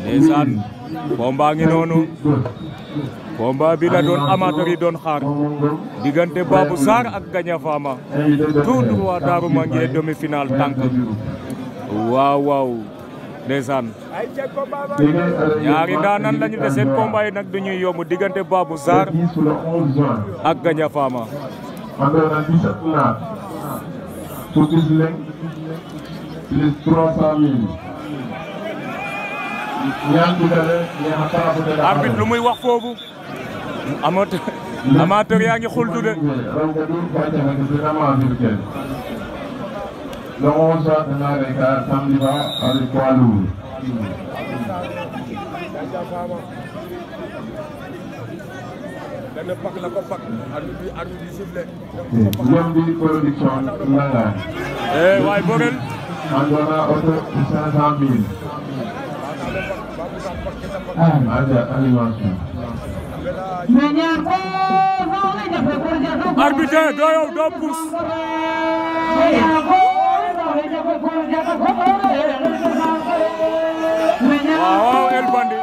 ndeysaan combat ngi noonu combat bi la doon amateur doon xaar diggante Babou Sarr ak Gagna Fama tout droit Darou Mangué demi-finale tànk waaw waaw ndeysaan ñaari daanan lañu de seen combat nag du ñuy yomb diggante Babou Sarr ak Gagna Fama arbitre lu muy wax foofu amateur amateur yaa ngi xultu de le 11 Sénégal samedi ba avec poids lourd. Ndiambi production Ndangane. waaye boogeel. en donnant auto 500000. arbitre doo yow doo puus waaw El Bandit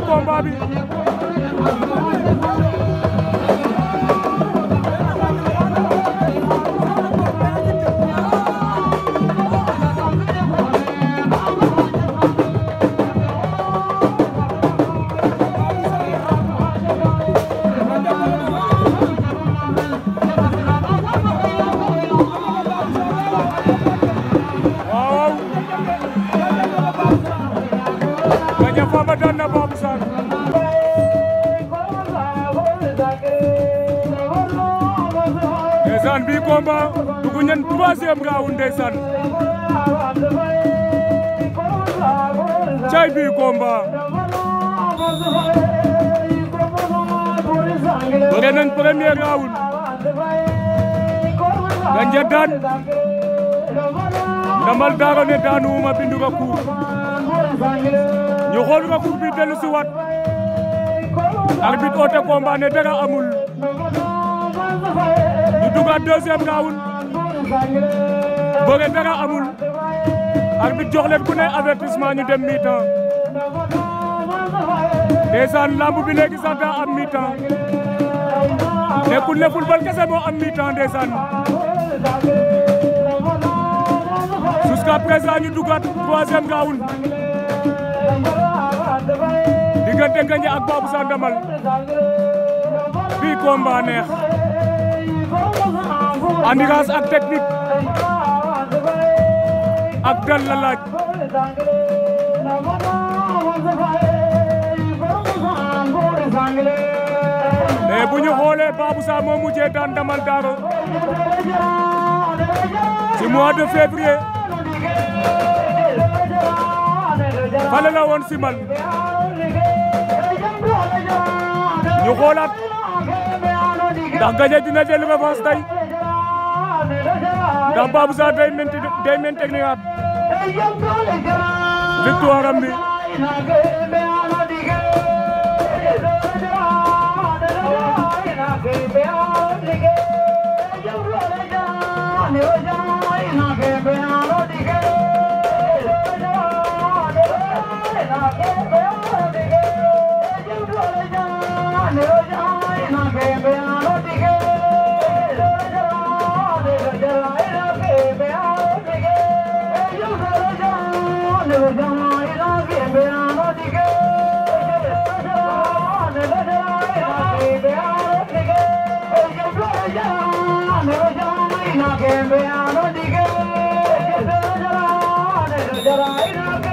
na combat bi combat dugg ñen troisième round ndeysaan cay bi combat bëre nañ premier round ganja daan ndamal daaro ne daanuuma bindu ko kuur ñu xool ko bi arbitre combat ne dara amul du dugaat deuxième raawul booge amul arbitre jox leen ku ne avertissement ñu dem mi-temps ndeysaan lamb bi léegi sax daa am mi-temps nekkul ne football kese moo am mi-temps ndeysaan jusqu'à présent ñu dugaat troisième raawul diggante ak Babou Sandamal bii combat neex Amigas ak technique ak dal la laaj mais bu ñu xoolee Babou Sarr moo mujjee daan Damal Daro ci mois de février fale la woon simal ñu xoolaat ndax gañe dina jël revanche tey Tambacounda day ménti day ménteeg ni waat victoire am bi Hallelujah.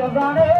Jazani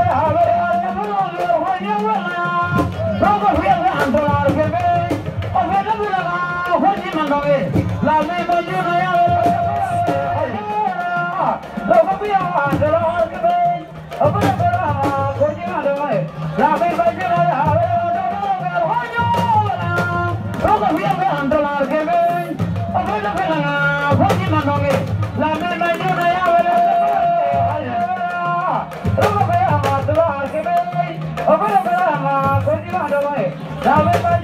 la misma ayuda ya ਲੋਕ ਵੀ ਆਦਰ ਹਾਲ ਕਵੇ ਅਬਰ ਬਰਾ ਗੋਜੀਆਂ ਲਵਾਏ ਰਾਮੇ ਬਾਜੀ ਵਾਲੇ ਹਾਲੇ ਆਦਰ ਹੋ ਜੋ ਲੋਕ ਵੀ ਆਵੇ ਅੰਦਰ ਲਾਰ ਕੇ ਵੇ ਅਬਰ ਬਰਾ ਫੋਜੀ ਮੰਗੋਗੇ ਲਾਮੇ ਬਾਜੀ ਵਾਲੇ ਆਵੇ ਲੋਕ ਵੀ ਆਦਰ ਹਾਲ ਕਵੇ ਅਬਰ ਬਰਾ ਗੋਜੀਆਂ ਲਵਾਏ ਰਾਮੇ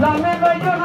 Let me go, you know,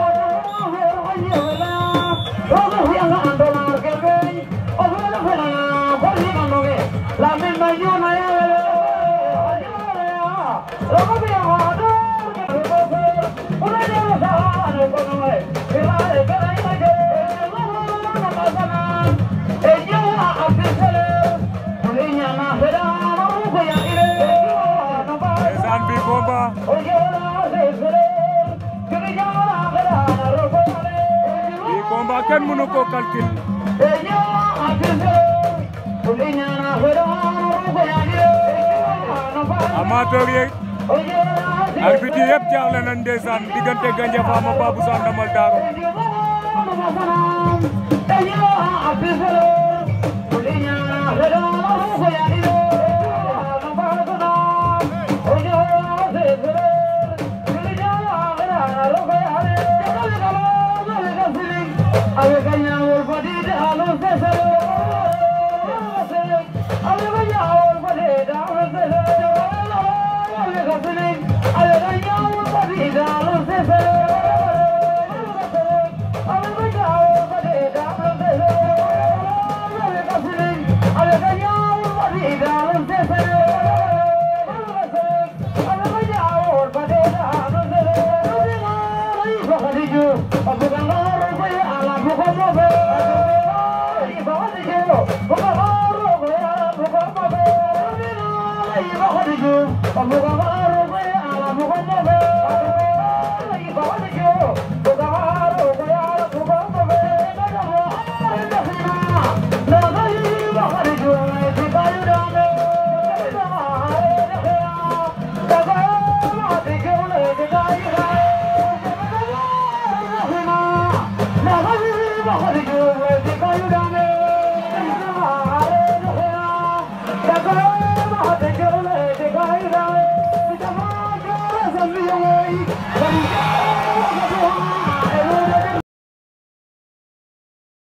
combat. lii combat kenn mënu ko calcul. amateur yeeg. arbitre yi yëpp jaaxle nañ ndeysaan diggante Thank you.